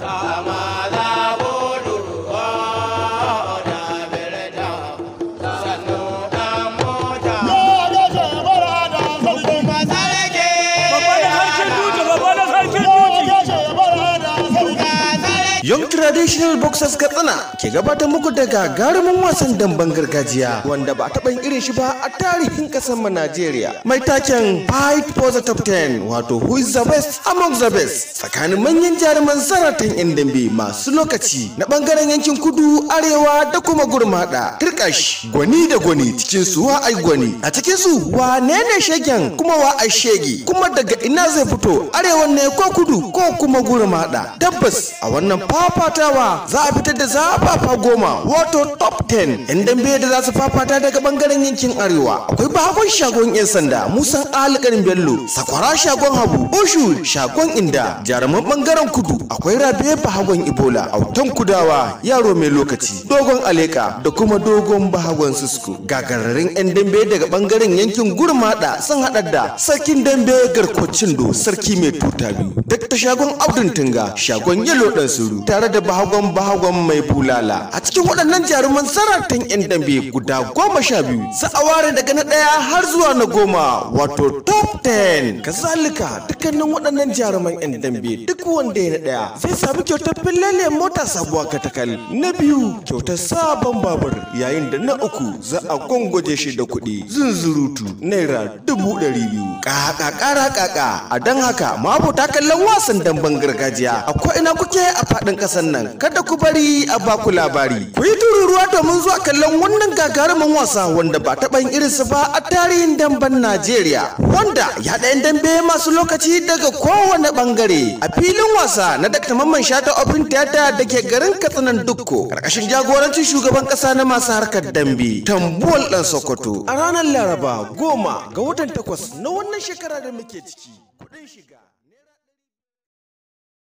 Uh, Young Traditional Boxers Katsina ke gabatar muku da gagarumin wasan damben gargajiya wanda ba taɓa irin shi ba a tarihin ƙasar mu Najeriya. Mai taken Fight for the Top 10 wato Who is the best among the best tsakanin manyan jaruman zaratan 'yan dambe masu lokaci na ɓangaren yankin kudu arewa da kuma gurmaɗa. Kirkash gwani da gwani cikin su wa ai gwani a cikin su wa ne shegen kuma wa ai shege kuma daga ina zai fito arewa ne ko kudu ko kuma gurmaɗa. Tabbas a wannan fafatawa za a fitar da zafafa goma wato top 10 yan dambe da za su fafata daga bangaren yankin arewa akwai bakon shagon yan sanda musan alƙarin bello sakwara shagon habu oshu shagon inda jaruman bangaren kudu akwai rabe bahagon ibola autan kudawa yaro mai lokaci dogon aleka da kuma dogon bahagon susku gagararin yan dambe daga bangaren yankin gurmada sun haɗa da sarkin dambe garkocin do sarki mai tuta biyu duk ta shagon abdun tunga shagon yalo dan suru tare da bahagon bahagon mai bulala a cikin waɗannan jaruman saratan yan dambe guda goma sha biyu za a ware daga na ɗaya har zuwa na goma wato top 10 zalika dukkanin waɗannan jaruman yan dambe duk wanda ya na ɗaya Sai sami kyautar fillele mota sabuwa katakal na biyu kyautar sabon babur yayin da na uku za a gwangwaje shi da kuɗi zunzurutu naira dubu ɗari biyu ƙaƙa ƙara ƙaƙa a don haka ta kallon wasan damben gargajiya akwai ina kuke a faɗin kasan nan kada ku bari a baku labari ku yi tururuwa domin zuwa kallon wannan gagarumin wasa wanda ba taɓa yin irinsa ba a tarihin damben najeriya wanda ya dambe masu lokaci daga kowane ɓangare a filin wasa na dr mamman shata open theater da ke garin katsinan dukko karkashin jagorancin shugaban ƙasa na masu harkar dambe tambuwal ɗan sokoto a ranar laraba goma ga watan takwas na wannan shekara da muke ciki kuɗin shiga